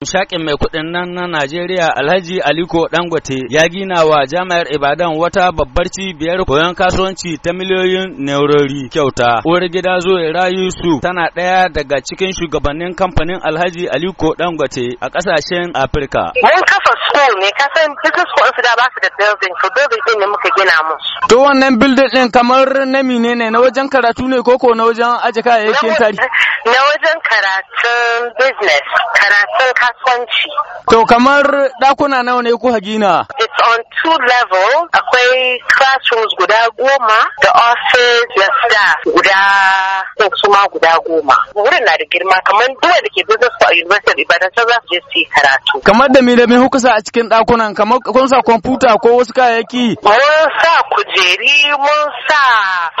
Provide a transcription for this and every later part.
Shaƙin mai kuɗin nan na Najeriya Alhaji Aliko Dangote ya gina wa jami'ar Ibadan wata babbar cibiyar koyon kasuwanci ta miliyoyin naurori kyauta. Uwar gida Zuwaira Yusuf tana ɗaya daga cikin shugabannin kamfanin Alhaji Aliko Dangote a ƙasashen Afirka. Mun kafa school ne kasan business for su da ba su da building to building ɗin ne muka gina musu. To wannan building ɗin kamar na mine ne na wajen karatu ne koko na wajen aje kayayyakin tari? Na wajen karatun business karatun kasuwanci. To kamar dakuna nawa ne ku gina? on two level akwai classrooms guda goma the office the staff guda suma guda goma. Wurin na da girma kamar duwa da ke business a University of Ibadan ta za su je su yi karatu. Kamar da me da me a cikin ɗakunan kamar kun sa kwamfuta ko wasu kayayyaki? Mun sa kujeri, mun sa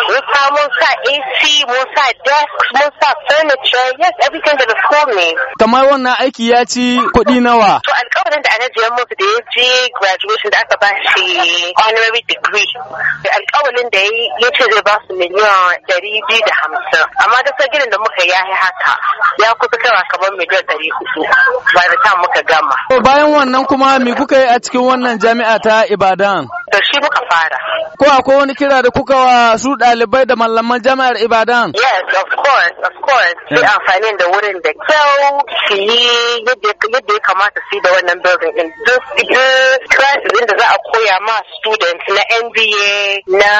rufa, mun sa AC, mun sa desk, mun sa furniture, yes everything da the school needs. Kamar wannan aiki ya ci kuɗi nawa? To alƙawarin da ana jiyan musu je graduation da aka ba shi honorary degree alƙawalin da ya ce zai ba su miliyan ɗari biyu da hamsin amma da sagirin da muka ya yi haka ya kusa kawa kamar miliyan ɗari hudu ba da ta muka gama. bayan wannan kuma me kuka yi a cikin wannan jami'a ta Ibadan? da shi muka fara. Ko akwai wani kira da kuka wa su ɗalibai da malaman jami'ar Ibadan? Yes, of course, of course. Sai amfani da wurin da kyau shi yi yadda ya kamata su da wannan building din. Duk classes da za a koya ma students na MBA, na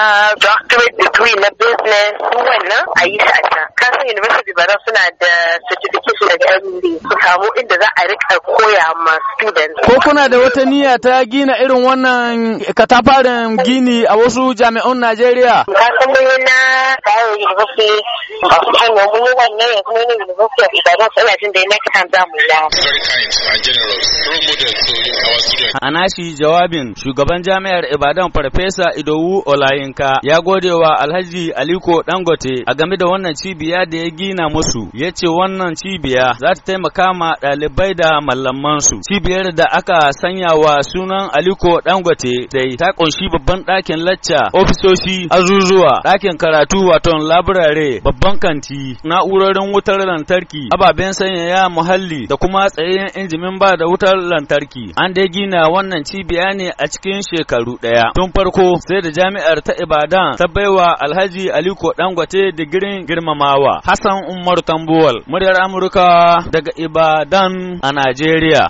doctorate degree, na business, wannan a yi shi a can. Kasan University Ibadan suna da certification daga MBA su samu inda za a rika koya ma students. Ko kuna da wata niyya ta gina irin wannan katafa farin gini a wasu jami'un Najeriya. A nashi jawabin shugaban jami'ar Ibadan Farfesa Idowu Olayinka ya gode wa Alhaji Aliko Dangote a game da wannan cibiya da ya gina musu ya ce wannan cibiya za ta taimaka ma ɗalibai da mallamansu cibiyar da aka sanya wa sunan Aliko Dangote dai ta kunshi babban ɗakin lacca, ofisoshi, azuzuwa, ɗakin karatu wato laburare, babban kanti, na'urorin wutar lantarki, ababen sanyaya muhalli da kuma tsayayyen injimin ba da wutar lantarki. An dai gina wannan cibiya ne a cikin shekaru ɗaya. Tun farko sai da jami'ar ta Ibadan ta baiwa Alhaji Aliko Dangote digirin girmamawa. Hassan Umar Tambuwal, muryar Amurka daga Ibadan a Najeriya.